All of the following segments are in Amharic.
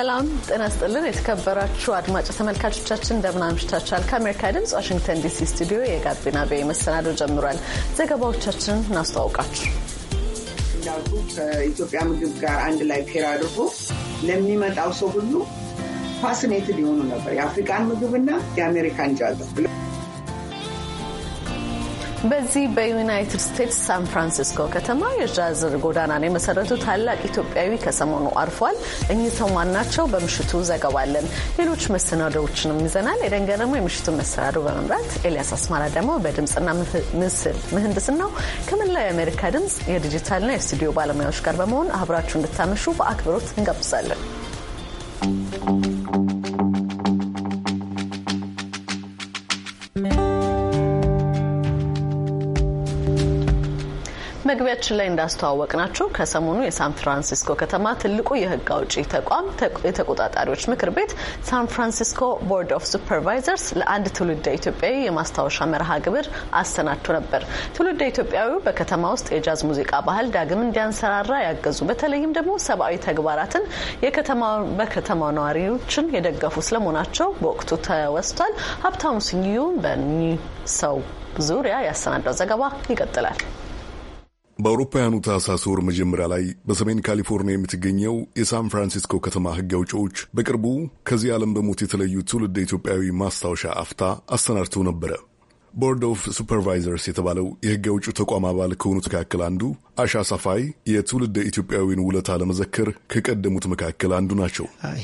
ሰላም ጤና ስጥልን። የተከበራችሁ አድማጭ ተመልካቾቻችን እንደምን አምሽታችኋል? ከአሜሪካ ድምጽ ዋሽንግተን ዲሲ ስቱዲዮ የጋቢና ቤ መሰናዶ ጀምሯል። ዘገባዎቻችንን እናስተዋውቃችሁ። እንዳልኩ ከኢትዮጵያ ምግብ ጋር አንድ ላይ ፔር አድርጎ ለሚመጣው ሰው ሁሉ ፋሲኔትድ የሆኑ ነበር የአፍሪካን ምግብና የአሜሪካን ጃዝ በዚህ በዩናይትድ ስቴትስ ሳን ፍራንሲስኮ ከተማ የጃዝር ጎዳናን የመሰረቱ ታላቅ ኢትዮጵያዊ ከሰሞኑ አርፏል። እኚህ ሰው በምሽቱ ዘገባለን። ሌሎች መሰናዶዎችንም ይዘናል። የደንገ ደግሞ የምሽቱን መሰናዶ በመምራት ኤልያስ አስማራ ደግሞ በድምፅና ምስል ነው። ከመላው የአሜሪካ ድምፅ የዲጂታልና የስቱዲዮ ባለሙያዎች ጋር በመሆን አብራችሁ እንድታመሹ በአክብሮት እንጋብዛለን። በመግቢያችን ላይ እንዳስተዋወቅ ናቸው ከሰሞኑ የሳን ፍራንሲስኮ ከተማ ትልቁ የህግ አውጪ ተቋም የተቆጣጣሪዎች ምክር ቤት ሳን ፍራንሲስኮ ቦርድ ኦፍ ሱፐርቫይዘርስ ለአንድ ትውልደ ኢትዮጵያዊ የማስታወሻ መርሃ ግብር አሰናድቶ ነበር። ትውልደ ኢትዮጵያዊው በከተማ ውስጥ የጃዝ ሙዚቃ ባህል ዳግም እንዲያንሰራራ ያገዙ በተለይም ደግሞ ሰብአዊ ተግባራትን በከተማው ነዋሪዎችን የደገፉ ስለመሆናቸው በወቅቱ ተወስቷል። ሀብታሙ ስዩም በኚ ሰው ዙሪያ ያሰናዳው ዘገባ ይቀጥላል። በአውሮፓውያኑ ታህሳስ ወር መጀመሪያ ላይ በሰሜን ካሊፎርኒያ የምትገኘው የሳን ፍራንሲስኮ ከተማ ሕግ አውጪዎች በቅርቡ ከዚህ ዓለም በሞት የተለዩ ትውልድ ኢትዮጵያዊ ማስታወሻ አፍታ አሰናድተው ነበረ። ቦርድ ኦፍ ሱፐርቫይዘርስ የተባለው የሕግ አውጪ ተቋም አባል ከሆኑት መካከል አንዱ አሻ ሳፋይ የትውልድ ኢትዮጵያዊን ውለታ ለመዘከር ከቀደሙት መካከል አንዱ ናቸው። uh,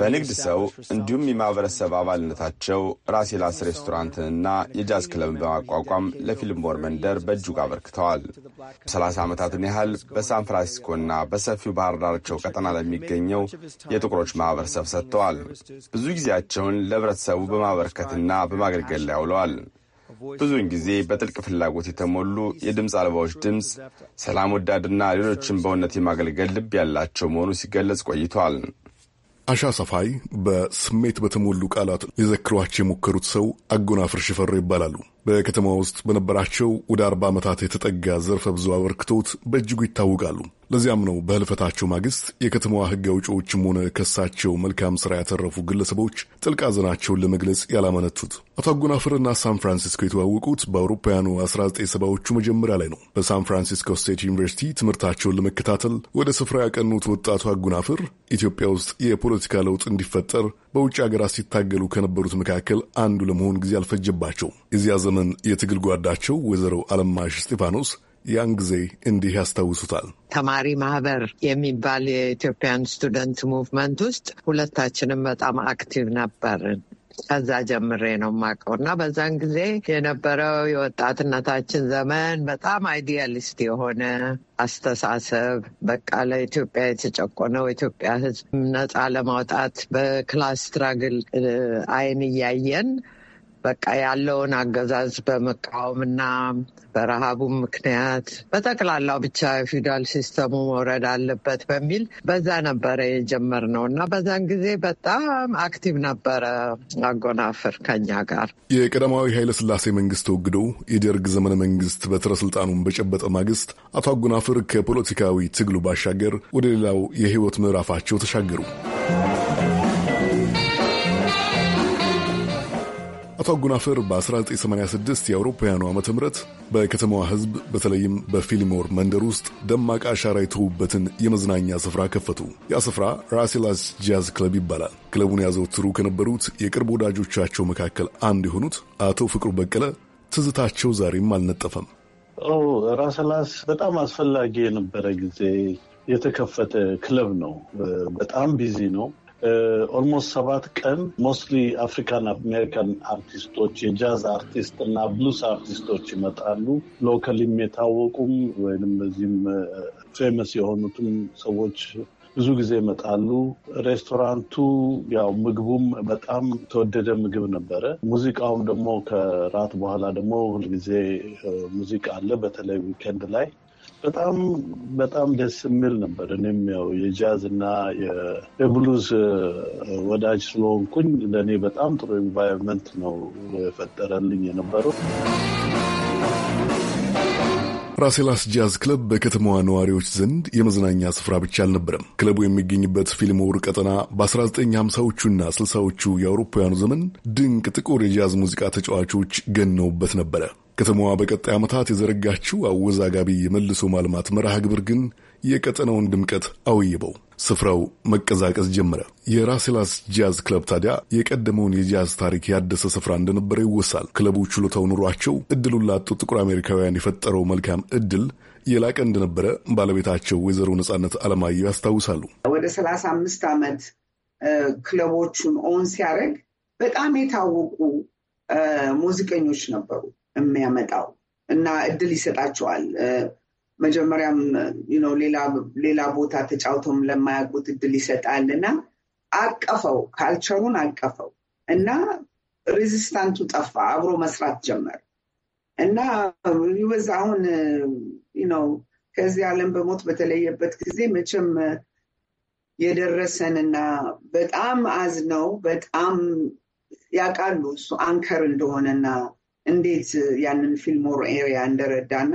በንግድ ሰው እንዲሁም የማህበረሰብ አባልነታቸው ራሴ ላስ ሬስቶራንትንና የጃዝ ክለብን በማቋቋም ለፊልም ወር መንደር በእጅጉ አበርክተዋል። ሰላሳ ዓመታትን ያህል በሳን ፍራንሲስኮና በሰፊው ባህር ዳርቻው ቀጠና ለሚገኘው የጥቁሮች ማህበረሰብ ሰጥተዋል። ብዙ ጊዜያቸውን ለህብረተሰቡ በማበርከትና በማገልገል ላይ አውለዋል። ብዙውን ጊዜ በጥልቅ ፍላጎት የተሞሉ የድምፅ አልባዎች ድምፅ ሰላም ወዳድና ሌሎችን በእውነት የማገልገል ልብ ያላቸው መሆኑ ሲገለጽ ቆይቷል። አሻ ሰፋይ በስሜት በተሞሉ ቃላት ሊዘክሯቸው የሞከሩት ሰው አጎናፍር ሽፈሮ ይባላሉ። በከተማ ውስጥ በነበራቸው ወደ አርባ ዓመታት የተጠጋ ዘርፈ ብዙ አበርክቶት በእጅጉ ይታወቃሉ። ለዚያም ነው በህልፈታቸው ማግስት የከተማዋ ህግ አውጪዎችም ሆነ ከሳቸው መልካም ስራ ያተረፉ ግለሰቦች ጥልቅ ሐዘናቸውን ለመግለጽ ያላመነቱት። አቶ አጎናፍርና ሳን ፍራንሲስኮ የተዋወቁት በአውሮፓውያኑ 1970ዎቹ መጀመሪያ ላይ ነው። በሳን ፍራንሲስኮ ስቴት ዩኒቨርሲቲ ትምህርታቸውን ለመከታተል ወደ ስፍራ ያቀኑት ወጣቱ አጎናፍር ኢትዮጵያ ውስጥ የፖለቲካ ለውጥ እንዲፈጠር በውጭ ሀገራት ሲታገሉ ከነበሩት መካከል አንዱ ለመሆን ጊዜ አልፈጀባቸው። የዚያ ዘመን የትግል ጓዳቸው ወይዘሮ አለማሽ እስጢፋኖስ ያን ጊዜ እንዲህ ያስታውሱታል። ተማሪ ማህበር የሚባል የኢትዮጵያን ስቱደንት ሙቭመንት ውስጥ ሁለታችንም በጣም አክቲቭ ነበርን። ከዛ ጀምሬ ነው የማውቀው እና በዛን ጊዜ የነበረው የወጣትነታችን ዘመን በጣም አይዲያሊስት የሆነ አስተሳሰብ በቃ ለኢትዮጵያ የተጨቆነው ኢትዮጵያ ሕዝብ ነፃ ለማውጣት በክላስ ስትራግል አይን እያየን በቃ ያለውን አገዛዝ በመቃወምና በረሃቡ ምክንያት በጠቅላላው ብቻ የፊውዳል ሲስተሙ መውረድ አለበት በሚል በዛ ነበረ የጀመርነው እና በዛን ጊዜ በጣም አክቲቭ ነበረ አጎናፍር ከኛ ጋር። የቀዳማዊ ስላሴ መንግስት ተወግዶ የደርግ ዘመነ መንግስት በትረ ስልጣኑን በጨበጠ ማግስት አቶ አጎናፍር ከፖለቲካዊ ትግሉ ባሻገር ወደ ሌላው የህይወት ምዕራፋቸው ተሻገሩ። አቶ አጎናፍር በ1986 የአውሮፓውያኑ ዓመተ ምህረት በከተማዋ ሕዝብ በተለይም በፊሊሞር መንደር ውስጥ ደማቅ አሻራ የተዉበትን የመዝናኛ ስፍራ ከፈቱ። ያ ስፍራ ራሴላስ ጃዝ ክለብ ይባላል። ክለቡን ያዘወትሩ ከነበሩት የቅርብ ወዳጆቻቸው መካከል አንድ የሆኑት አቶ ፍቅሩ በቀለ ትዝታቸው ዛሬም አልነጠፈም። ራሴላስ በጣም አስፈላጊ የነበረ ጊዜ የተከፈተ ክለብ ነው። በጣም ቢዚ ነው። ኦልሞስት uh, ሰባት ቀን ሞስትሊ አፍሪካን አሜሪካን አርቲስቶች የጃዝ አርቲስት እና ብሉስ አርቲስቶች ይመጣሉ። ሎከሊም የታወቁም ወይም በዚህም ፌመስ uh, የሆኑትም ሰዎች ብዙ ጊዜ ይመጣሉ። ሬስቶራንቱ ያው ምግቡም በጣም ተወደደ ምግብ ነበረ። ሙዚቃውም ደግሞ ከራት በኋላ ደግሞ ሁልጊዜ uh, ሙዚቃ አለ፣ በተለይ ዊኬንድ ላይ በጣም በጣም ደስ የሚል ነበር። እኔም ያው የጃዝ እና የብሉዝ ወዳጅ ስለሆንኩኝ ለእኔ በጣም ጥሩ ኤንቫይሮንመንት ነው የፈጠረልኝ የነበረው። ራሴላስ ጃዝ ክለብ በከተማዋ ነዋሪዎች ዘንድ የመዝናኛ ስፍራ ብቻ አልነበረም። ክለቡ የሚገኝበት ፊልሞር ቀጠና በ1950ዎቹና 60ዎቹ የአውሮፓውያኑ ዘመን ድንቅ ጥቁር የጃዝ ሙዚቃ ተጫዋቾች ገነውበት ነበረ። ከተማዋ በቀጣይ ዓመታት የዘረጋችው አወዛጋቢ የመልሶ ማልማት መርሃ ግብር ግን የቀጠናውን ድምቀት አውይበው ስፍራው መቀዛቀዝ ጀመረ። የራሴላስ ጃዝ ክለብ ታዲያ የቀደመውን የጃዝ ታሪክ ያደሰ ስፍራ እንደነበረ ይወሳል። ክለቡ ችሎታው ኑሯቸው እድሉን ላጡ ጥቁር አሜሪካውያን የፈጠረው መልካም እድል የላቀ እንደነበረ ባለቤታቸው ወይዘሮ ነጻነት አለማየሁ ያስታውሳሉ። ወደ ሰላሳ አምስት ዓመት ክለቦቹን ኦን ሲያደርግ በጣም የታወቁ ሙዚቀኞች ነበሩ። የሚያመጣው እና እድል ይሰጣቸዋል። መጀመሪያም ሌላ ቦታ ተጫውቶም ለማያውቁት እድል ይሰጣል እና አቀፈው፣ ካልቸሩን አቀፈው እና ሬዚስታንቱ ጠፋ፣ አብሮ መስራት ጀመር እና ይበዛ አሁን ነው ከዚህ ዓለም በሞት በተለየበት ጊዜ መቼም የደረሰንና በጣም አዝነው በጣም ያውቃሉ እሱ አንከር እንደሆነና እንዴት ያንን ፊልሞር ኤሪያ እንደረዳና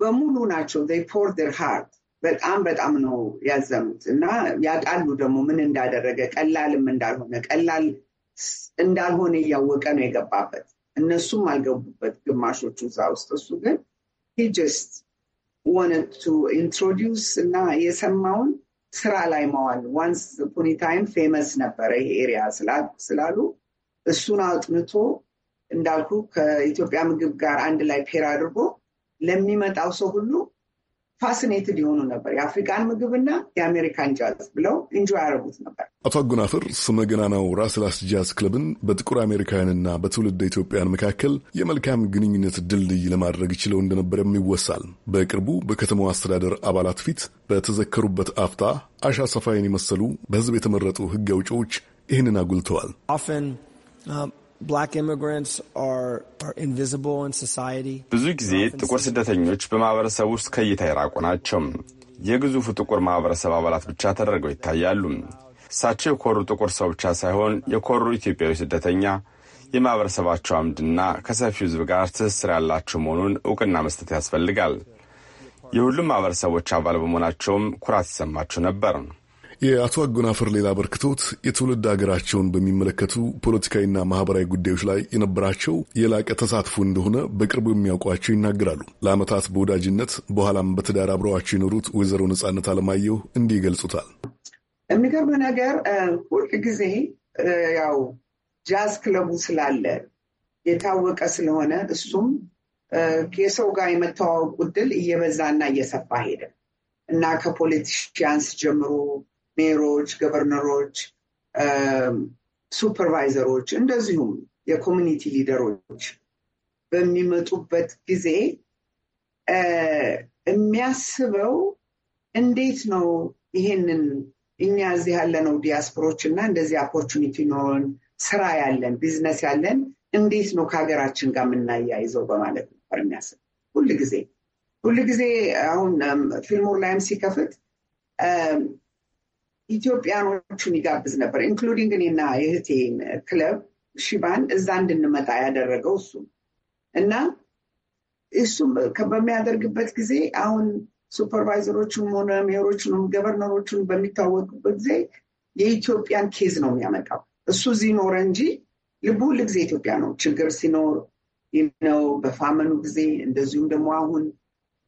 በሙሉ ናቸው ፖር ር ሃርት በጣም በጣም ነው ያዘኑት እና ያውቃሉ ደግሞ ምን እንዳደረገ ቀላልም እንዳልሆነ ቀላል እንዳልሆነ እያወቀ ነው የገባበት። እነሱም አልገቡበት ግማሾቹ እዛ ውስጥ እሱ ግን ጀስት ወነቱ ኢንትሮዲውስ እና የሰማውን ስራ ላይ መዋል ዋንስ ፖኒታይም ፌመስ ነበረ ይሄ ኤሪያ ስላሉ እሱን አጥንቶ እንዳልኩ ከኢትዮጵያ ምግብ ጋር አንድ ላይ ፔር አድርጎ ለሚመጣው ሰው ሁሉ ፋሲኔትድ የሆኑ ነበር። የአፍሪካን ምግብና የአሜሪካን ጃዝ ብለው እንጆ ያደረጉት ነበር። አቶ አጎናፍር ስመገናናው ራስላስ ጃዝ ክለብን በጥቁር አሜሪካውያንና በትውልድ ኢትዮጵያን መካከል የመልካም ግንኙነት ድልድይ ለማድረግ ችለው እንደነበረም ይወሳል። በቅርቡ በከተማው አስተዳደር አባላት ፊት በተዘከሩበት አፍታ አሻ ሰፋይን የመሰሉ በህዝብ የተመረጡ ህግ አውጪዎች ይህንን አጉልተዋል። uh, ብዙ ጊዜ ጥቁር ስደተኞች በማህበረሰብ ውስጥ ከእይታ የራቁ ናቸው። የግዙፉ ጥቁር ማህበረሰብ አባላት ብቻ ተደርገው ይታያሉ። እሳቸው የኮሩ ጥቁር ሰው ብቻ ሳይሆን የኮሩ ኢትዮጵያዊ ስደተኛ የማህበረሰባቸው አምድና ከሰፊው ህዝብ ጋር ትስስር ያላቸው መሆኑን እውቅና መስጠት ያስፈልጋል። የሁሉም ማህበረሰቦች አባል በመሆናቸውም ኩራት ይሰማቸው ነበር። የአቶ አጎናፍር ሌላ በርክቶት የትውልድ ሀገራቸውን በሚመለከቱ ፖለቲካዊና ማህበራዊ ጉዳዮች ላይ የነበራቸው የላቀ ተሳትፎ እንደሆነ በቅርቡ የሚያውቋቸው ይናገራሉ። ለአመታት በወዳጅነት በኋላም በትዳር አብረዋቸው የኖሩት ወይዘሮ ነጻነት አለማየሁ እንዲህ ይገልጹታል። የሚገርም ነገር ሁል ጊዜ ያው ጃዝ ክለቡ ስላለ የታወቀ ስለሆነ እሱም የሰው ጋር የመተዋወቁ ዕድል እየበዛና እየሰፋ ሄደ እና ከፖለቲሽያንስ ጀምሮ ሜሮች፣ ገቨርነሮች፣ ሱፐርቫይዘሮች እንደዚሁም የኮሚኒቲ ሊደሮች በሚመጡበት ጊዜ የሚያስበው እንዴት ነው ይሄንን እኛ እዚህ ያለነው ዲያስፖሮች እና እንደዚህ ኦፖርቹኒቲ ነውን ስራ ያለን ቢዝነስ ያለን እንዴት ነው ከሀገራችን ጋር የምናያይዘው በማለት ነበር የሚያስብ ሁልጊዜ ጊዜ አሁን ፊልሙር ላይም ሲከፍት ኢትዮጵያኖቹን ይጋብዝ ነበር። ኢንክሉዲንግ እኔና የእህቴን ክለብ ሺባን እዛ እንድንመጣ ያደረገው እሱ እና እሱም በሚያደርግበት ጊዜ አሁን ሱፐርቫይዘሮቹንም ሆነ ሜሮቹንም ገቨርነሮቹን በሚታወቁበት ጊዜ የኢትዮጵያን ኬዝ ነው የሚያመጣው። እሱ እዚህ ኖረ እንጂ ልቡ ሁል ጊዜ ኢትዮጵያ ነው። ችግር ሲኖር ነው በፋመኑ ጊዜ፣ እንደዚሁም ደግሞ አሁን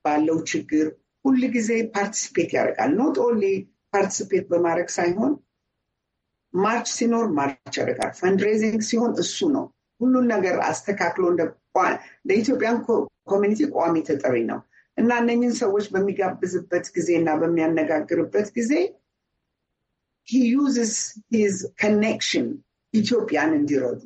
ባለው ችግር ሁል ጊዜ ፓርቲሲፔት ያደርጋል ኖት ኦንሊ ፓርቲስፔት በማድረግ ሳይሆን ማርች ሲኖር ማርች ያደርጋል። ፈንድሬዚንግ ሲሆን እሱ ነው ሁሉን ነገር አስተካክሎ ለኢትዮጵያን ኮሚኒቲ ቋሚ ተጠሪ ነው እና እነኝን ሰዎች በሚጋብዝበት ጊዜ እና በሚያነጋግርበት ጊዜ ዩዝስ ሂዝ ኮኔክሽን ኢትዮጵያን እንዲረዱ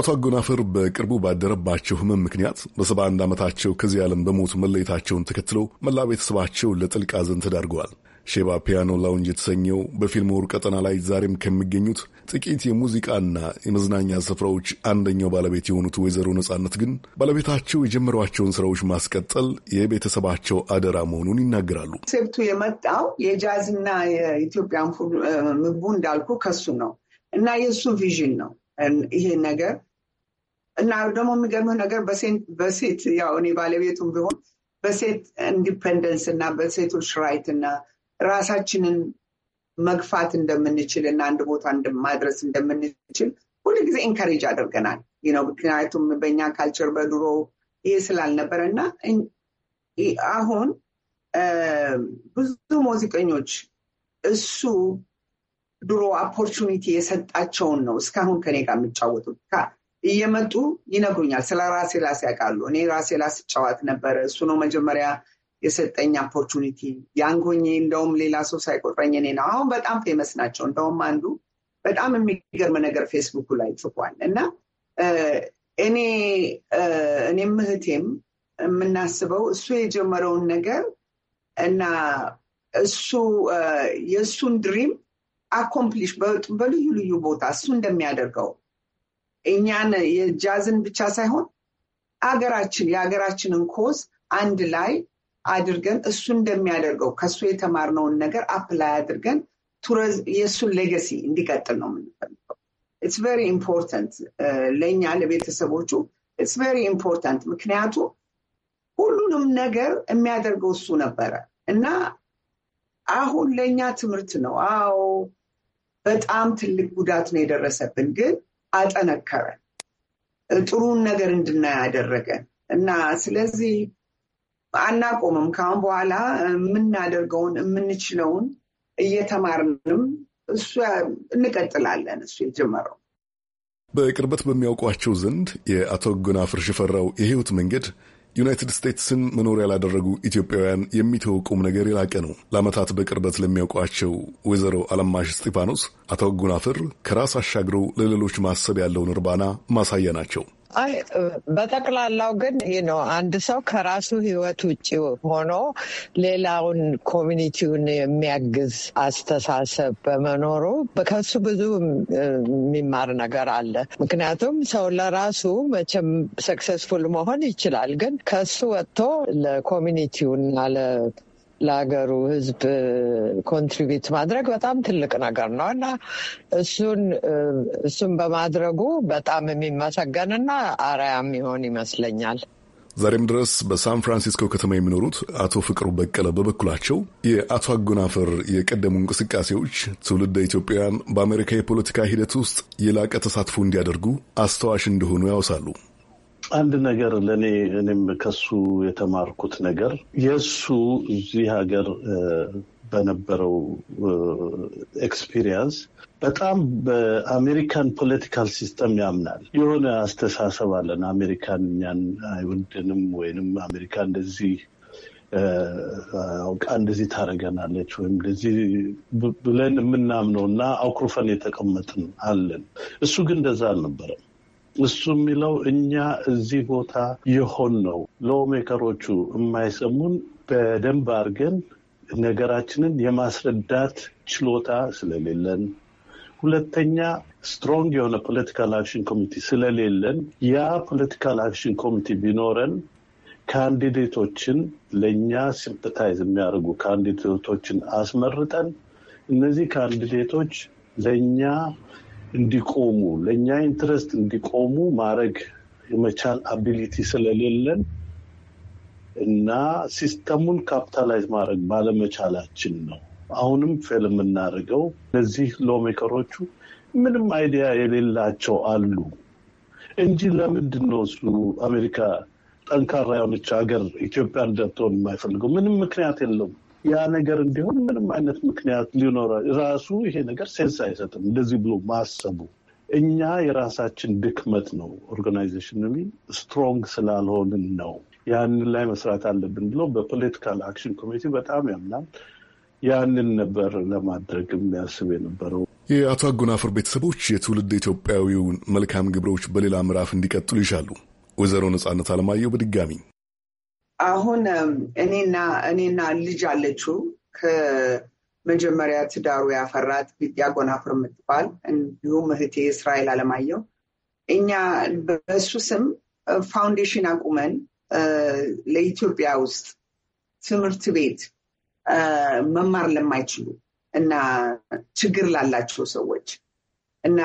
አቶ አጎናፈር በቅርቡ ባደረባቸው ህመም ምክንያት በሰባ አንድ ዓመታቸው ከዚህ ዓለም በሞት መለየታቸውን ተከትለው መላ ቤተሰባቸው ለጥልቅ ሐዘን ተዳርገዋል። ሼባ ፒያኖ ላውንጅ የተሰኘው በፊልም ውር ቀጠና ላይ ዛሬም ከሚገኙት ጥቂት የሙዚቃና የመዝናኛ ስፍራዎች አንደኛው ባለቤት የሆኑት ወይዘሮ ነጻነት ግን ባለቤታቸው የጀመሯቸውን ስራዎች ማስቀጠል የቤተሰባቸው አደራ መሆኑን ይናገራሉ። ሴብቱ የመጣው የጃዝና የኢትዮጵያን ምግቡ እንዳልኩ ከሱ ነው እና የእሱ ቪዥን ነው ይሄ ነገር እና ደግሞ የሚገርምህ ነገር በሴት ያው እኔ ባለቤቱም ቢሆን በሴት ኢንዲፐንደንስ እና በሴቶች ራይት እና ራሳችንን መግፋት እንደምንችል እና አንድ ቦታ ማድረስ እንደምንችል ሁሉ ጊዜ ኢንካሬጅ አድርገናል ነው። ምክንያቱም በእኛ ካልቸር በድሮ ይህ ስላልነበረ እና አሁን ብዙ ሙዚቀኞች እሱ ድሮ ኦፖርቹኒቲ የሰጣቸውን ነው እስካሁን ከኔ ጋር የሚጫወቱት። እየመጡ ይነግሩኛል። ስለ ራሴ ላስ ያውቃሉ። እኔ ራሴ ላስ ጫዋት ነበረ። እሱ ነው መጀመሪያ የሰጠኝ ኦፖርቹኒቲ ያንጎኝ እንደውም ሌላ ሰው ሳይቆጥረኝ እኔ ነው። አሁን በጣም ፌመስ ናቸው። እንደውም አንዱ በጣም የሚገርም ነገር ፌስቡኩ ላይ ጽፏል እና እኔ እኔም እህቴም የምናስበው እሱ የጀመረውን ነገር እና እሱ የእሱን ድሪም አኮምፕሊሽ በልዩ ልዩ ቦታ እሱ እንደሚያደርገው እኛን የጃዝን ብቻ ሳይሆን አገራችን የሀገራችንን ኮዝ አንድ ላይ አድርገን እሱ እንደሚያደርገው ከሱ የተማርነውን ነገር አፕላይ አድርገን የእሱን ሌገሲ እንዲቀጥል ነው የምንፈልገው። ኢትስ ቬሪ ኢምፖርታንት ለእኛ ለቤተሰቦቹ ኢትስ ቨሪ ኢምፖርታንት። ምክንያቱ ሁሉንም ነገር የሚያደርገው እሱ ነበረ እና አሁን ለእኛ ትምህርት ነው። አዎ በጣም ትልቅ ጉዳት ነው የደረሰብን፣ ግን አጠነከረን፣ ጥሩን ነገር እንድናይ አደረገን እና ስለዚህ አናቆምም። ከአሁን በኋላ የምናደርገውን የምንችለውን እየተማርንም እሱ እንቀጥላለን። እሱ የጀመረው በቅርበት በሚያውቋቸው ዘንድ የአቶ ጎናፍር ሽፈራው የህይወት መንገድ ዩናይትድ ስቴትስን መኖሪያ ላደረጉ ኢትዮጵያውያን የሚተወቁም ነገር የላቀ ነው። ለአመታት በቅርበት ለሚያውቋቸው ወይዘሮ አለማሽ እስጢፋኖስ አቶ ጎናፍር ከራስ አሻግረው ለሌሎች ማሰብ ያለውን እርባና ማሳያ ናቸው። አይ በጠቅላላው ግን ይህ ነው። አንድ ሰው ከራሱ ህይወት ውጭ ሆኖ ሌላውን ኮሚኒቲውን የሚያግዝ አስተሳሰብ በመኖሩ ከሱ ብዙ የሚማር ነገር አለ። ምክንያቱም ሰው ለራሱ መቼም ሰክሰስፉል መሆን ይችላል፣ ግን ከሱ ወጥቶ ለኮሚኒቲውና ለሀገሩ ህዝብ ኮንትሪቢዩት ማድረግ በጣም ትልቅ ነገር ነው እና እሱን እሱን በማድረጉ በጣም የሚመሰገንና አርአያ የሚሆን ይመስለኛል። ዛሬም ድረስ በሳን ፍራንሲስኮ ከተማ የሚኖሩት አቶ ፍቅሩ በቀለ በበኩላቸው የአቶ አጎናፈር የቀደሙ እንቅስቃሴዎች ትውልደ ኢትዮጵያውያን በአሜሪካ የፖለቲካ ሂደት ውስጥ የላቀ ተሳትፎ እንዲያደርጉ አስተዋሽ እንደሆኑ ያውሳሉ። አንድ ነገር ለእኔ እኔም ከሱ የተማርኩት ነገር የእሱ እዚህ ሀገር በነበረው ኤክስፒሪየንስ በጣም በአሜሪካን ፖለቲካል ሲስተም ያምናል። የሆነ አስተሳሰብ አለን። አሜሪካን እኛን አይወደንም ወይንም አሜሪካ እንደዚህ አውቃ እንደዚህ ታደርገናለች ወይም እንደዚህ ብለን የምናምነው እና አኩርፈን የተቀመጥን አለን። እሱ ግን እንደዛ አልነበረም። እሱ የሚለው እኛ እዚህ ቦታ የሆን ነው ሎሜከሮቹ የማይሰሙን በደንብ አድርገን ነገራችንን የማስረዳት ችሎታ ስለሌለን፣ ሁለተኛ ስትሮንግ የሆነ ፖለቲካል አክሽን ኮሚቲ ስለሌለን፣ ያ ፖለቲካል አክሽን ኮሚቲ ቢኖረን ካንዲዴቶችን ለእኛ ሲምፐታይዝ የሚያደርጉ ካንዲዴቶችን አስመርጠን እነዚህ ካንዲዴቶች ለእኛ እንዲቆሙ ለእኛ ኢንትረስት እንዲቆሙ ማድረግ የመቻል አቢሊቲ ስለሌለን እና ሲስተሙን ካፒታላይዝ ማድረግ ባለመቻላችን ነው አሁንም ፌል የምናደርገው። እነዚህ ሎሜከሮቹ ምንም አይዲያ የሌላቸው አሉ እንጂ ለምንድን ነው እሱ አሜሪካ ጠንካራ የሆነች ሀገር ኢትዮጵያን ደብተውን የማይፈልገው? ምንም ምክንያት የለውም። ያ ነገር እንዲሆን ምንም አይነት ምክንያት ሊኖረው ራሱ ይሄ ነገር ሴንስ አይሰጥም። እንደዚህ ብሎ ማሰቡ እኛ የራሳችን ድክመት ነው። ኦርጋናይዜሽን ስትሮንግ ስላልሆንን ነው። ያንን ላይ መስራት አለብን ብሎ በፖለቲካል አክሽን ኮሚቴ በጣም ያምናል። ያንን ነበር ለማድረግ የሚያስብ የነበረው። የአቶ አጎናፍር ቤተሰቦች የትውልድ ኢትዮጵያዊውን መልካም ግብሮች በሌላ ምዕራፍ እንዲቀጥሉ ይሻሉ። ወይዘሮ ነጻነት አለማየሁ በድጋሚ አሁን እኔና እኔና ልጅ አለችው ከመጀመሪያ ትዳሩ ያፈራት ዲያጎናፍር የምትባል እንዲሁም እህቴ እስራኤል አለማየው እኛ በሱ ስም ፋውንዴሽን አቁመን ለኢትዮጵያ ውስጥ ትምህርት ቤት መማር ለማይችሉ እና ችግር ላላቸው ሰዎች እና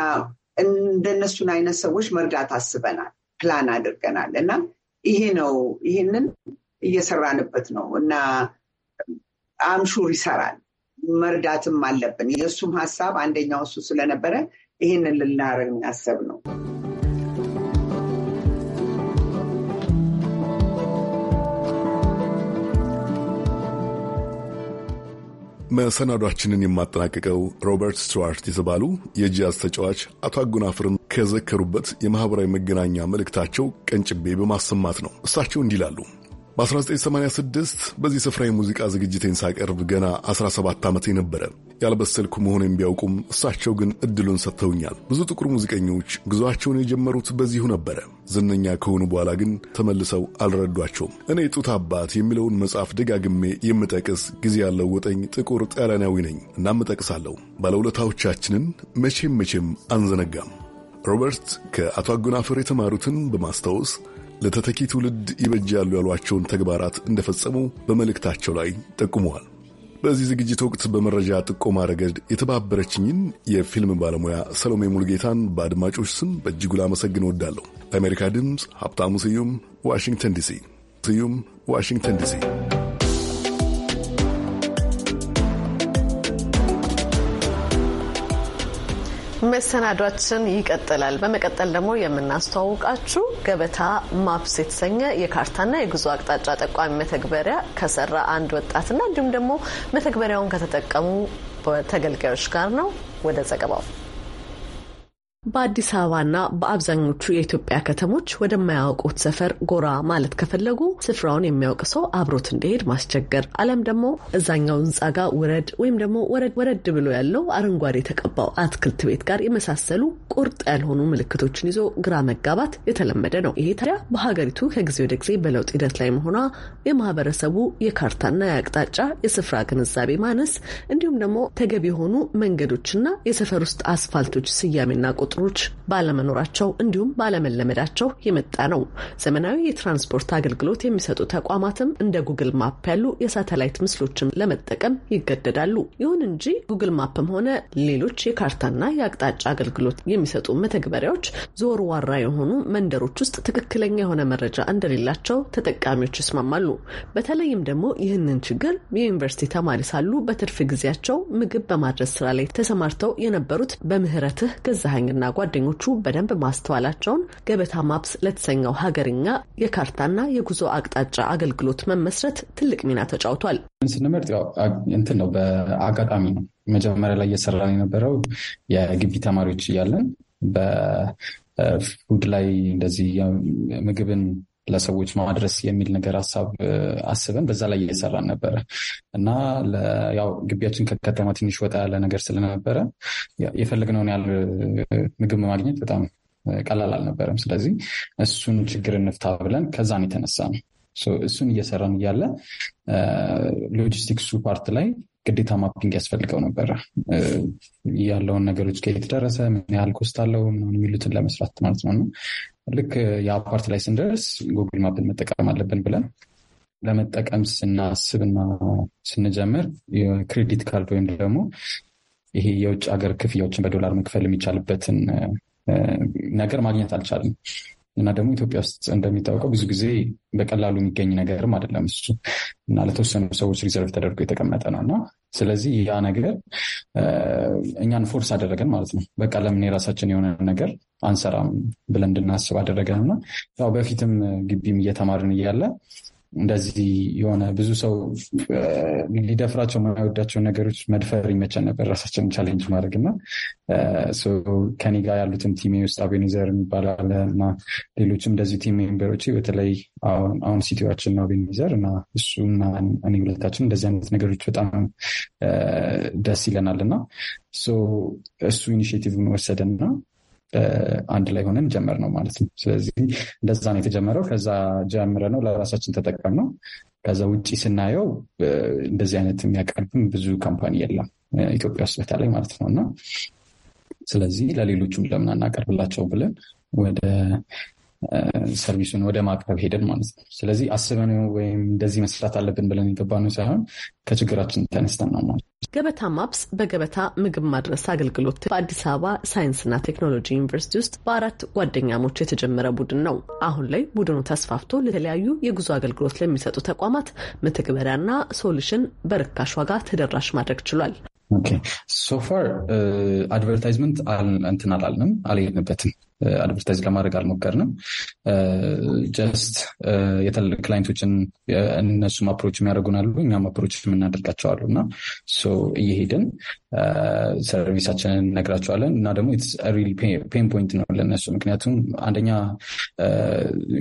እንደነሱን አይነት ሰዎች መርዳት አስበናል፣ ፕላን አድርገናል እና ይሄ ነው ይህንን እየሰራንበት ነው እና አምሹር ይሰራል። መርዳትም አለብን። የእሱም ሀሳብ አንደኛው እሱ ስለነበረ ይህንን ልናረግ የሚያሰብ ነው። መሰናዷችንን የማጠናቀቀው ሮበርት ስቱዋርት የተባሉ የጃዝ ተጫዋች አቶ አጎናፍርን ከዘከሩበት የማኅበራዊ መገናኛ መልእክታቸው ቀንጭቤ በማሰማት ነው። እሳቸው እንዲህ ይላሉ። በ1986 በዚህ ስፍራ የሙዚቃ ዝግጅቴን ሳቀርብ ገና 17 ዓመቴ ነበረ። ያልበሰልኩ መሆኔን ቢያውቁም እሳቸው ግን እድሉን ሰጥተውኛል። ብዙ ጥቁር ሙዚቀኞች ጉዞአቸውን የጀመሩት በዚሁ ነበረ። ዝነኛ ከሆኑ በኋላ ግን ተመልሰው አልረዷቸውም። እኔ ጡት አባት የሚለውን መጽሐፍ ደጋግሜ የምጠቅስ ጊዜ ያለው ወጠኝ ጥቁር ጣሊያናዊ ነኝ። እናም እጠቅሳለሁ። ባለውለታዎቻችንን መቼም መቼም አንዘነጋም። ሮበርት ከአቶ አጎናፈር የተማሩትን በማስታወስ ለተተኪ ትውልድ ይበጃሉ ያሏቸውን ተግባራት እንደፈጸሙ በመልእክታቸው ላይ ጠቁመዋል። በዚህ ዝግጅት ወቅት በመረጃ ጥቆማ ረገድ የተባበረችኝን የፊልም ባለሙያ ሰሎሜ ሙልጌታን በአድማጮች ስም በእጅጉ ላመሰግን እወዳለሁ። ለአሜሪካ ድምፅ ሀብታሙ ስዩም ዋሽንግተን ዲሲ። ስዩም ዋሽንግተን ዲሲ መሰናዷችን ይቀጥላል። በመቀጠል ደግሞ የምናስተዋውቃችሁ ገበታ ማፕስ የተሰኘ የካርታና የጉዞ አቅጣጫ ጠቋሚ መተግበሪያ ከሰራ አንድ ወጣትና እንዲሁም ደግሞ መተግበሪያውን ከተጠቀሙ ተገልጋዮች ጋር ነው። ወደ ዘገባው በአዲስ አበባና በአብዛኞቹ የኢትዮጵያ ከተሞች ወደማያውቁት ሰፈር ጎራ ማለት ከፈለጉ ስፍራውን የሚያውቅ ሰው አብሮት እንዲሄድ ማስቸገር፣ አለም ደግሞ እዛኛው ህንፃ ጋ ውረድ ወይም ደግሞ ወረድ ወረድ ብሎ ያለው አረንጓዴ የተቀባው አትክልት ቤት ጋር የመሳሰሉ ቁርጥ ያልሆኑ ምልክቶችን ይዞ ግራ መጋባት የተለመደ ነው። ይሄ ታዲያ በሀገሪቱ ከጊዜ ወደ ጊዜ በለውጥ ሂደት ላይ መሆኗ የማህበረሰቡ የካርታና የአቅጣጫ የስፍራ ግንዛቤ ማነስ እንዲሁም ደግሞ ተገቢ የሆኑ መንገዶችና የሰፈር ውስጥ አስፋልቶች ስያሜና ቁጥ ቁጥሮች ባለመኖራቸው እንዲሁም ባለመለመዳቸው የመጣ ነው። ዘመናዊ የትራንስፖርት አገልግሎት የሚሰጡ ተቋማትም እንደ ጉግል ማፕ ያሉ የሳተላይት ምስሎችን ለመጠቀም ይገደዳሉ። ይሁን እንጂ ጉግል ማፕም ሆነ ሌሎች የካርታና የአቅጣጫ አገልግሎት የሚሰጡ መተግበሪያዎች ዞር ዋራ የሆኑ መንደሮች ውስጥ ትክክለኛ የሆነ መረጃ እንደሌላቸው ተጠቃሚዎች ይስማማሉ። በተለይም ደግሞ ይህንን ችግር የዩኒቨርሲቲ ተማሪ ሳሉ በትርፍ ጊዜያቸው ምግብ በማድረስ ስራ ላይ ተሰማርተው የነበሩት በምህረትህ ገዛሀኝና ና ጓደኞቹ በደንብ ማስተዋላቸውን ገበታ ማፕስ ለተሰኘው ሀገርኛ የካርታና የጉዞ አቅጣጫ አገልግሎት መመስረት ትልቅ ሚና ተጫውቷል። ስንመርጥ እንትን ነው፣ በአጋጣሚ ነው። መጀመሪያ ላይ እየሰራ የነበረው የግቢ ተማሪዎች እያለን በፉድ ላይ እንደዚህ ምግብን ለሰዎች ማድረስ የሚል ነገር ሀሳብ አስበን በዛ ላይ እየሰራን ነበረ እና ያው ግቢያችን ከከተማ ትንሽ ወጣ ያለ ነገር ስለነበረ የፈለግነውን ያህል ምግብ ማግኘት በጣም ቀላል አልነበረም። ስለዚህ እሱን ችግር እንፍታ ብለን ከዛን የተነሳ ነው እሱን እየሰራን እያለ ሎጂስቲክሱ ፓርት ላይ ግዴታ ማፒንግ ያስፈልገው ነበረ። ያለውን ነገሮች ጋር የተደረሰ ምን ያህል ኮስት አለው ምናምን የሚሉትን ለመስራት ማለት ነው። ልክ የአፓርት ላይ ስንደርስ ጉግል ማፕን መጠቀም አለብን ብለን ለመጠቀም ስናስብና ስንጀምር የክሬዲት ካርድ ወይም ደግሞ ይሄ የውጭ ሀገር ክፍያዎችን በዶላር መክፈል የሚቻልበትን ነገር ማግኘት አልቻለም። እና ደግሞ ኢትዮጵያ ውስጥ እንደሚታወቀው ብዙ ጊዜ በቀላሉ የሚገኝ ነገርም አይደለም እሱ እና ለተወሰኑ ሰዎች ሪዘርቭ ተደርጎ የተቀመጠ ነው እና ስለዚህ ያ ነገር እኛን ፎርስ አደረገን ማለት ነው። በቃ ለምን የራሳችን የሆነ ነገር አንሰራም ብለን እንድናስብ አደረገን እና ያው በፊትም ግቢም እየተማርን እያለ እንደዚህ የሆነ ብዙ ሰው ሊደፍራቸው የማይወዳቸውን ነገሮች መድፈር ይመቸን ነበር፣ ራሳችንን ቻሌንጅ ማድረግ እና ከኔ ጋር ያሉትን ቲሜ ውስጥ አቤኔዘር የሚባል አለ እና ሌሎችም እንደዚህ ቲም ሜምበሮች በተለይ አሁን ሲቲዋችን ነው አቤኔዘር እና እሱ እሱና እኔ ሁለታችን እንደዚህ አይነት ነገሮች በጣም ደስ ይለናል እና እሱ ኢኒሽቲቭ ወሰደ ወሰደና አንድ ላይ ሆነን ጀመር ነው ማለት ነው። ስለዚህ እንደዛ ነው የተጀመረው። ከዛ ጀምረ ነው ለራሳችን ተጠቀም ነው። ከዛ ውጭ ስናየው እንደዚህ አይነት የሚያቀርብም ብዙ ካምፓኒ የለም ኢትዮጵያ ውስጥ በተለይ ማለት ነው እና ስለዚህ ለሌሎቹም ለምን አናቀርብላቸው ብለን ወደ ሰርቪሱን ወደ ማቅረብ ሄደን ማለት ነው። ስለዚህ አስበን ወይም እንደዚህ መስራት አለብን ብለን የገባነው ሳይሆን ከችግራችን ተነስተን ነው ማለት ነው። ገበታ ማፕስ በገበታ ምግብ ማድረስ አገልግሎት በአዲስ አበባ ሳይንስና ቴክኖሎጂ ዩኒቨርሲቲ ውስጥ በአራት ጓደኛሞች የተጀመረ ቡድን ነው። አሁን ላይ ቡድኑ ተስፋፍቶ ለተለያዩ የጉዞ አገልግሎት ለሚሰጡ ተቋማት መተግበሪያና ሶሉሽን በርካሽ ዋጋ ተደራሽ ማድረግ ችሏል። ሶፋር አድቨርታይዝመንት እንትን አላልንም፣ አልሄድንበትም አድቨርታይዝ ለማድረግ አልሞከርንም። ጀስት ክላይንቶችን እነሱም አፕሮች የሚያደርጉናሉ እኛም አፕሮች የምናደርጋቸዋሉ እና እየሄድን ሰርቪሳችንን እነግራቸዋለን እና ደግሞ ሪል ፔን ፖይንት ነው ለነሱ። ምክንያቱም አንደኛ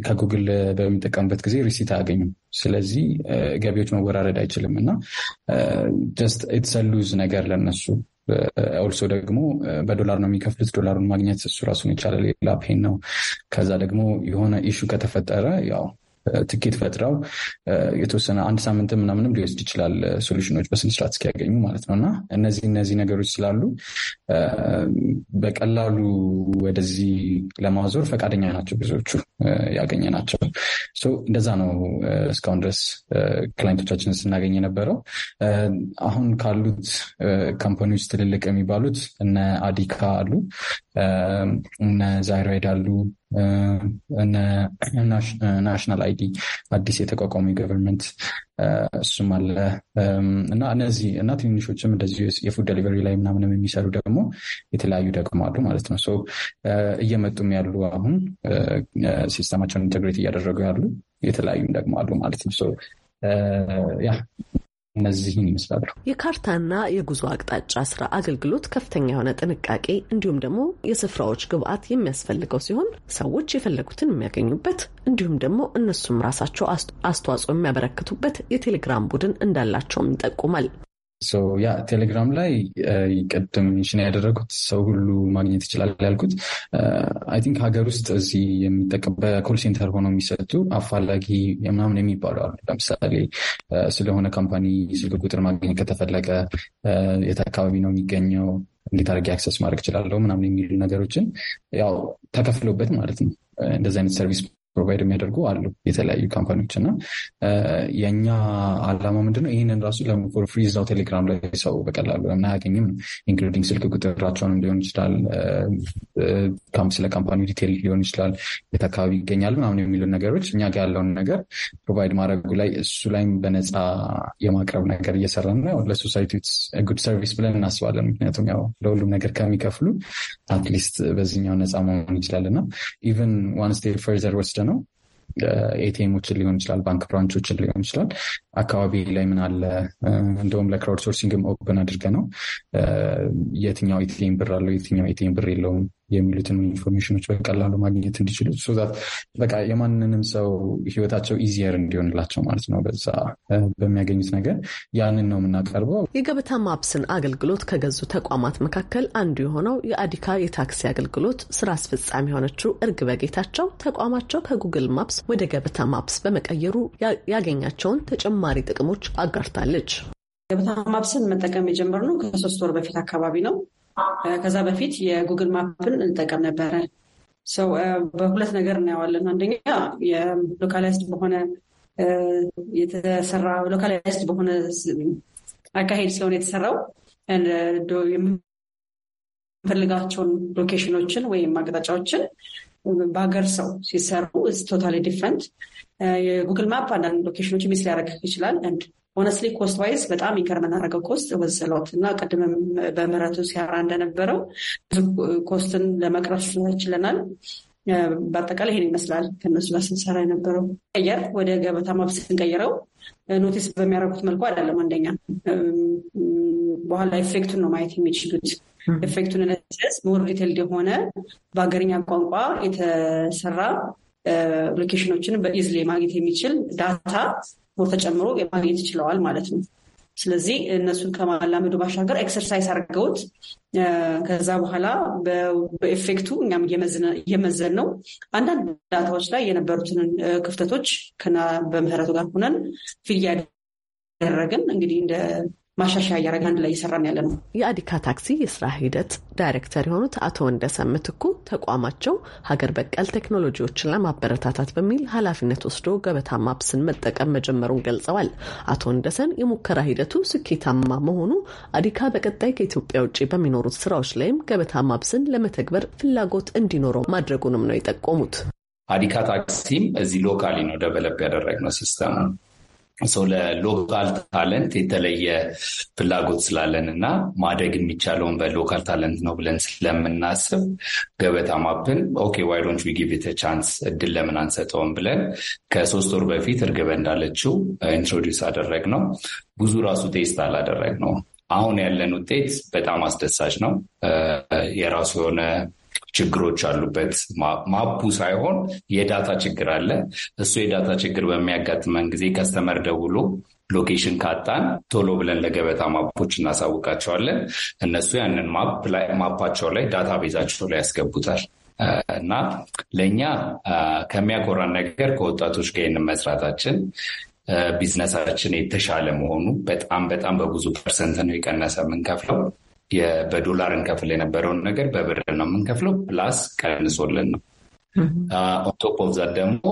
ከጉግል በሚጠቀሙበት ጊዜ ሪሲት አያገኙም። ስለዚህ ገቢዎች መወራረድ አይችልም እና ጀስት ኢትስ ሉዝ ነገር ለነሱ ኦልሶ ደግሞ በዶላር ነው የሚከፍሉት። ዶላሩን ማግኘት እሱ ራሱን የቻለ ሌላ ፔን ነው። ከዛ ደግሞ የሆነ ኢሹ ከተፈጠረ ያው ትኬት ፈጥረው የተወሰነ አንድ ሳምንት ምናምንም ሊወስድ ይችላል ሶሉሽኖች በስነስርዓት እስኪያገኙ ማለት ነው እና እነዚህ እነዚህ ነገሮች ስላሉ በቀላሉ ወደዚህ ለማዞር ፈቃደኛ ናቸው ብዙዎቹ ያገኘ ናቸው። እንደዛ ነው እስካሁን ድረስ ክላይንቶቻችንን ስናገኝ የነበረው። አሁን ካሉት ካምፓኒዎች ትልልቅ የሚባሉት እነ አዲካ አሉ፣ እነ ዛይሮይድ አሉ ናሽናል አይዲ አዲስ የተቋቋመ ገቨርንመንት እሱም አለ እና እነዚህ እና ትንንሾችም እንደዚህ የፉድ ደሊቨሪ ላይ ምናምንም የሚሰሩ ደግሞ የተለያዩ ደግሞ አሉ ማለት ነው። እየመጡም ያሉ አሁን ሲስተማቸውን ኢንተግሬት እያደረጉ ያሉ የተለያዩም ደግሞ አሉ ማለት ነው ያ እነዚህን ይመስላሉ። የካርታና የጉዞ አቅጣጫ ስራ አገልግሎት ከፍተኛ የሆነ ጥንቃቄ እንዲሁም ደግሞ የስፍራዎች ግብዓት የሚያስፈልገው ሲሆን ሰዎች የፈለጉትን የሚያገኙበት እንዲሁም ደግሞ እነሱም ራሳቸው አስተዋጽኦ የሚያበረክቱበት የቴሌግራም ቡድን እንዳላቸውም ይጠቁማል። ያ ቴሌግራም ላይ uh, ቅድም ሽን ያደረጉት ሰው ሁሉ ማግኘት ይችላል ያልኩት አይ uh, ቲንክ ሀገር ውስጥ እዚህ የሚጠቀም በኮል ሴንተር ሆነ የሚሰጡ አፋላጊ ምናምን የሚባሉ አሉ። ለምሳሌ uh, ስለሆነ ካምፓኒ ስልክ ቁጥር ማግኘት ከተፈለገ የት አካባቢ ነው የሚገኘው፣ እንዴት አድርጌ አክሰስ ማድረግ እችላለሁ ምናምን የሚሉ ነገሮችን ያው ተከፍሎበት ማለት ነው እንደዚህ አይነት ሰርቪስ ፕሮቫይድ የሚያደርጉ አሉ የተለያዩ ካምፓኒዎች እና የእኛ አላማ ምንድነው? ይህንን ራሱ ለምፎርፍሪ እዛው ቴሌግራም ላይ ሰው በቀላሉ አናያገኝም። ኢንክሉዲንግ ስልክ ቁጥራቸውንም ሊሆን ይችላል፣ ስለ ካምፓኒ ዲቴል ሊሆን ይችላል፣ የት አካባቢ ይገኛል ምናምን የሚሉ ነገሮች እኛ ጋር ያለውን ነገር ፕሮቫይድ ማድረጉ ላይ እሱ ላይም በነፃ የማቅረብ ነገር እየሰራ ነው። ለሶሳይቲ ጉድ ሰርቪስ ብለን እናስባለን። ምክንያቱም ያው ለሁሉም ነገር ከሚከፍሉ አትሊስት በዚህኛው ነፃ መሆን ይችላል እና ኢቨን ዋን ስቴፕ ፈርዘር ወስደ ነው። ኤቲኤሞችን ሊሆን ይችላል፣ ባንክ ብራንቾችን ሊሆን ይችላል። አካባቢ ላይ ምን አለ? እንደውም ለክራውድ ሶርሲንግም ኦፕን አድርገ ነው የትኛው ኤቲኤም ብር አለው፣ የትኛው ኤቲኤም ብር የለውም የሚሉትን ኢንፎርሜሽኖች በቀላሉ ማግኘት እንዲችሉ ሶዛት በቃ የማንንም ሰው ህይወታቸው ኢዚየር እንዲሆንላቸው ማለት ነው። በዛ በሚያገኙት ነገር ያንን ነው የምናቀርበው። የገበታ ማፕስን አገልግሎት ከገዙ ተቋማት መካከል አንዱ የሆነው የአዲካ የታክሲ አገልግሎት ስራ አስፈጻሚ የሆነችው እርግ በጌታቸው ተቋማቸው ከጉግል ማፕስ ወደ ገበታ ማፕስ በመቀየሩ ያገኛቸውን ተጨማሪ ጥቅሞች አጋርታለች። ገበታ ማፕስን መጠቀም የጀመርነው ከሶስት ወር በፊት አካባቢ ነው። ከዛ በፊት የጉግል ማፕን እንጠቀም ነበረ። ሰው በሁለት ነገር እናየዋለን። አንደኛ የሎካላይዝድ በሆነ የተሰራ ሎካላይዝድ በሆነ አካሄድ ስለሆነ የተሰራው የምንፈልጋቸውን ሎኬሽኖችን ወይም አቅጣጫዎችን በሀገር ሰው ሲሰሩ ቶታሊ ዲፍረንት። የጉግል ማፕ አንዳንድ ሎኬሽኖች ሚስ ሊያደርግ ይችላል። ሆነስሊ ኮስት ዋይስ በጣም ይገርመናረገው ኮስት ወዘለውት እና ቅድምም በምህረቱ ሲያራ እንደነበረው ብዙ ኮስትን ለመቅረፍ ችለናል። በአጠቃላይ ይሄን ይመስላል። ከነሱ ጋር ስንሰራ የነበረው ቀየር ወደ ገበታ ማብስ ስንቀይረው ኖቲስ በሚያደርጉት መልኩ አይደለም። አንደኛ በኋላ ኤፌክቱን ነው ማየት የሚችሉት። ኤፌክቱን ነስ ሞር ዲቴልድ የሆነ በሀገርኛ ቋንቋ የተሰራ አፕሊኬሽኖችን በኢዝሌ ማግኘት የሚችል ዳታ ሞር ተጨምሮ የማግኘት ይችለዋል ማለት ነው። ስለዚህ እነሱን ከማላመዱ ባሻገር ኤክሰርሳይዝ አድርገውት ከዛ በኋላ በኤፌክቱ እኛም እየመዘን ነው። አንዳንድ ዳታዎች ላይ የነበሩትን ክፍተቶች ከና በምህረቱ ጋር ሆነን ፊል እንግዲህ እንደ ማሻሻያ እያደረግን አንድ ላይ እየሰራን ያለ ነው። የአዲካ ታክሲ የስራ ሂደት ዳይሬክተር የሆኑት አቶ ወንደሰን ምትኩ ተቋማቸው ሀገር በቀል ቴክኖሎጂዎችን ለማበረታታት በሚል ኃላፊነት ወስዶ ገበታ ማፕስን መጠቀም መጀመሩን ገልጸዋል። አቶ ወንደሰን የሙከራ ሂደቱ ስኬታማ መሆኑ አዲካ በቀጣይ ከኢትዮጵያ ውጭ በሚኖሩት ስራዎች ላይም ገበታ ማፕስን ለመተግበር ፍላጎት እንዲኖረው ማድረጉንም ነው የጠቆሙት። አዲካ ታክሲም እዚህ ሎካሊ ነው ደቨለፕ ያደረግነው ሲስተም ሰው ለሎካል ታለንት የተለየ ፍላጎት ስላለን እና ማደግ የሚቻለውን በሎካል ታለንት ነው ብለን ስለምናስብ ገበታ ማፕን ኦኬ ዋይ ዶንት ዊ ጊቭ ኢት ቻንስ እድል ለምን አንሰጠውም ብለን ከሶስት ወር በፊት እርግበ እንዳለችው ኢንትሮዲውስ ነው። ብዙ ራሱ ቴስት አላደረግ ነው። አሁን ያለን ውጤት በጣም አስደሳች ነው። የራሱ የሆነ ችግሮች አሉበት። ማፑ ሳይሆን የዳታ ችግር አለ። እሱ የዳታ ችግር በሚያጋጥመን ጊዜ ከስተመር ደውሎ ሎኬሽን ካጣን ቶሎ ብለን ለገበታ ማፖች እናሳውቃቸዋለን። እነሱ ያንን ማፓቸው ላይ ዳታ ቤዛቸው ላይ ያስገቡታል። እና ለእኛ ከሚያኮራን ነገር ከወጣቶች ጋር ይህንን መስራታችን ቢዝነሳችን የተሻለ መሆኑ በጣም በጣም በብዙ ፐርሰንት ነው የቀነሰ የምንከፍለው። በዶላር እንከፍል የነበረውን ነገር በብር ነው የምንከፍለው። ፕላስ ቀንሶልን ነው። ኦንቶፕ ኦፍ ዛት ደግሞ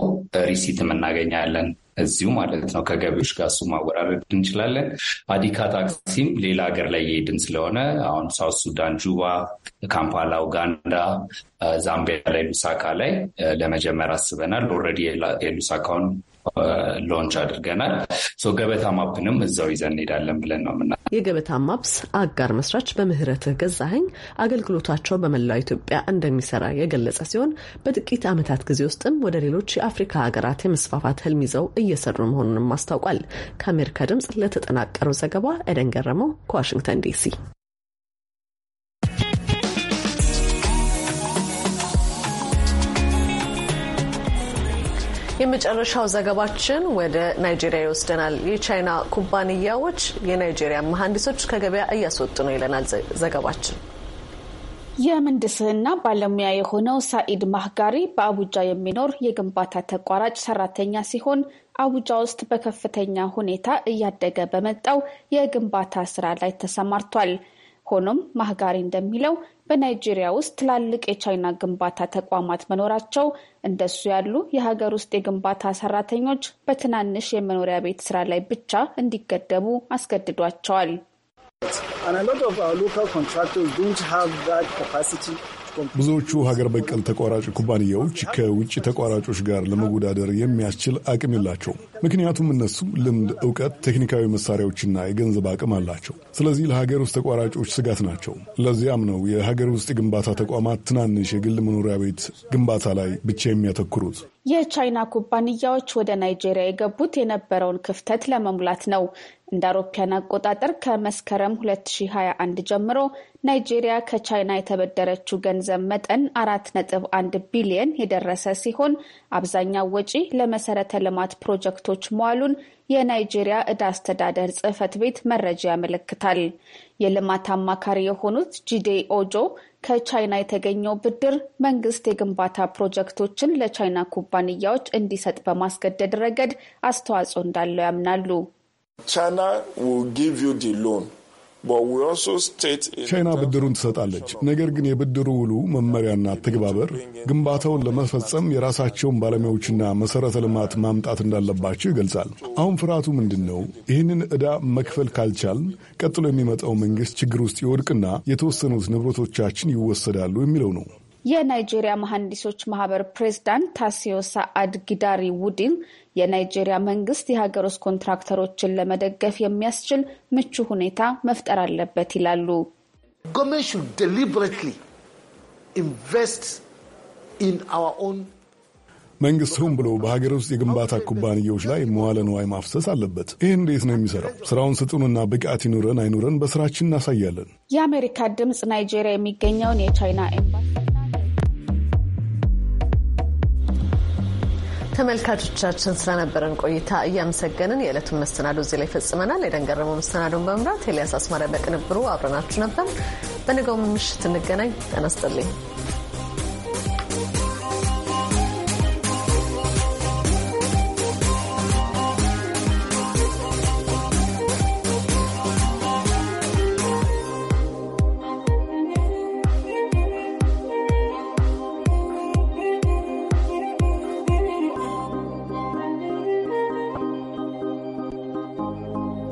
ሪሲትም እናገኛለን እዚሁ ማለት ነው። ከገቢዎች ጋር እሱ ማወራረድ እንችላለን። አዲካ ታክሲም ሌላ ሀገር ላይ የሄድን ስለሆነ አሁን ሳውት ሱዳን ጁባ፣ ካምፓላ ኡጋንዳ፣ ዛምቢያ ላይ ሉሳካ ላይ ለመጀመር አስበናል። ኦልሬዲ የሉሳካውን ሎንች አድርገናል። ገበታ ማፕንም እዛው ይዘን እንሄዳለን ብለን ነው ምና የገበታ ማፕስ አጋር መስራች በምህረትህ ገዛኸኝ አገልግሎታቸው በመላው ኢትዮጵያ እንደሚሰራ የገለጸ ሲሆን በጥቂት ዓመታት ጊዜ ውስጥም ወደ ሌሎች የአፍሪካ ሀገራት የመስፋፋት ህልም ይዘው እየሰሩ መሆኑንም አስታውቋል። ከአሜሪካ ድምጽ ለተጠናቀረው ዘገባ ኤደን ገረመው ከዋሽንግተን ዲሲ የመጨረሻው ዘገባችን ወደ ናይጄሪያ ይወስደናል። የቻይና ኩባንያዎች የናይጄሪያ መሐንዲሶች ከገበያ እያስወጡ ነው ይለናል ዘገባችን። የምህንድስና ባለሙያ የሆነው ሳኢድ ማህጋሪ በአቡጃ የሚኖር የግንባታ ተቋራጭ ሰራተኛ ሲሆን አቡጃ ውስጥ በከፍተኛ ሁኔታ እያደገ በመጣው የግንባታ ስራ ላይ ተሰማርቷል። ሆኖም ማህጋሪ እንደሚለው በናይጄሪያ ውስጥ ትላልቅ የቻይና ግንባታ ተቋማት መኖራቸው እንደሱ ያሉ የሀገር ውስጥ የግንባታ ሰራተኞች በትናንሽ የመኖሪያ ቤት ስራ ላይ ብቻ እንዲገደቡ አስገድዷቸዋል። ብዙዎቹ ሀገር በቀል ተቋራጭ ኩባንያዎች ከውጭ ተቋራጮች ጋር ለመወዳደር የሚያስችል አቅም የላቸውም። ምክንያቱም እነሱ ልምድ፣ እውቀት፣ ቴክኒካዊ መሳሪያዎችና የገንዘብ አቅም አላቸው። ስለዚህ ለሀገር ውስጥ ተቋራጮች ስጋት ናቸው። ለዚያም ነው የሀገር ውስጥ የግንባታ ተቋማት ትናንሽ የግል መኖሪያ ቤት ግንባታ ላይ ብቻ የሚያተኩሩት። የቻይና ኩባንያዎች ወደ ናይጄሪያ የገቡት የነበረውን ክፍተት ለመሙላት ነው። እንደ አውሮፓውያን አቆጣጠር ከመስከረም 2021 ጀምሮ ናይጄሪያ ከቻይና የተበደረችው ገንዘብ መጠን አራት ነጥብ አንድ ቢሊየን የደረሰ ሲሆን አብዛኛው ወጪ ለመሰረተ ልማት ፕሮጀክቶች መዋሉን የናይጄሪያ ዕዳ አስተዳደር ጽሕፈት ቤት መረጃ ያመለክታል። የልማት አማካሪ የሆኑት ጂዴ ኦጆ ከቻይና የተገኘው ብድር መንግስት የግንባታ ፕሮጀክቶችን ለቻይና ኩባንያዎች እንዲሰጥ በማስገደድ ረገድ አስተዋጽኦ እንዳለው ያምናሉ። ቻይና ዊል ጊቭ ዩ ዘ ሎን ቻይና ብድሩን ትሰጣለች። ነገር ግን የብድሩ ውሉ መመሪያና ተግባበር ግንባታውን ለመፈጸም የራሳቸውን ባለሙያዎችና መሠረተ ልማት ማምጣት እንዳለባቸው ይገልጻል። አሁን ፍርሃቱ ምንድን ነው? ይህንን ዕዳ መክፈል ካልቻል ቀጥሎ የሚመጣው መንግሥት ችግር ውስጥ ይወድቅና የተወሰኑት ንብረቶቻችን ይወሰዳሉ የሚለው ነው። የናይጄሪያ መሐንዲሶች ማህበር ፕሬዝዳንት ታሲዮ ሳአድ ጊዳሪ ውዲን የናይጄሪያ መንግስት የሀገር ውስጥ ኮንትራክተሮችን ለመደገፍ የሚያስችል ምቹ ሁኔታ መፍጠር አለበት ይላሉ። መንግስት ሆን ብሎ በሀገር ውስጥ የግንባታ ኩባንያዎች ላይ መዋለ ንዋይ ማፍሰስ አለበት። ይህ እንዴት ነው የሚሰራው? ስራውን ስጡንና ብቃት ይኑረን አይኑረን በስራችን እናሳያለን። የአሜሪካ ድምፅ ናይጄሪያ የሚገኘውን የቻይና ኤምባሲ ተመልካቾቻችን ስለነበረን ቆይታ እያመሰገንን የዕለቱን መሰናዶ እዚህ ላይ ፈጽመናል። የደንገረመው መሰናዶን በመምራት ኤልያስ አስማሪያ፣ በቅንብሩ አብረናችሁ ነበር። በነገው ምሽት እንገናኝ። ጤና ይስጥልኝ።